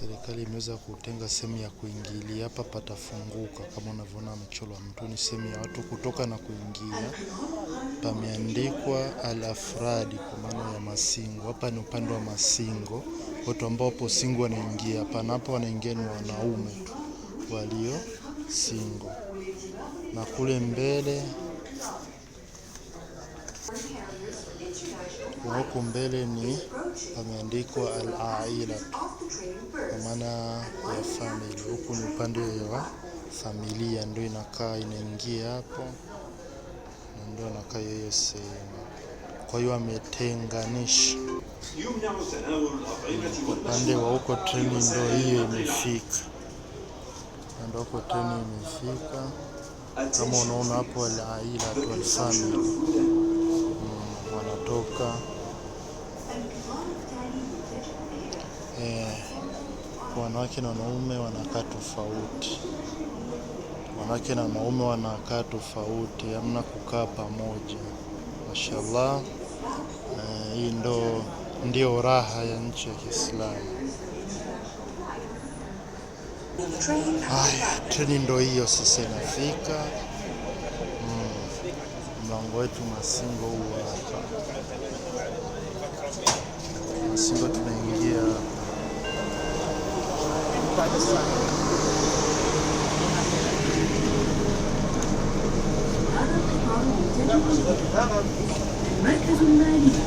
Serikali imeweza kutenga sehemu ya kuingilia, hapa patafunguka kama unavyoona wa mtu, ni sehemu ya watu kutoka na kuingia. Pameandikwa alafradi kwa maana ya Masingo. Hapa ni upande wa Masingo, watu ambao wapo Singo wanaingia hapa, na hapo wanaingia ni wanaume tu walio Singo, na kule mbele kwa huku mbele ni pameandikwa al-aila kwa maana ya family. Huku ni upande wa familia, ndio inakaa inaingia hapo, na ndio inakaa hiyo sehemu. Kwa hiyo ametenganisha upande wa huko, treni ndio hiyo imefika, na ndio huko treni imefika, kama unaona hapo al-aila tu al-family wanawake na wanaume wanakaa tofauti. Wanawake na wanaume wanakaa tofauti, hamna kukaa pamoja. Mashallah, eh, hii ndo ndio raha ya nchi ya Kiislamu. Haya, treni ndo hiyo sasa inafika hmm, mlango wetu Masingo huu hapa. Masingo tuna beides sein. مركز المالية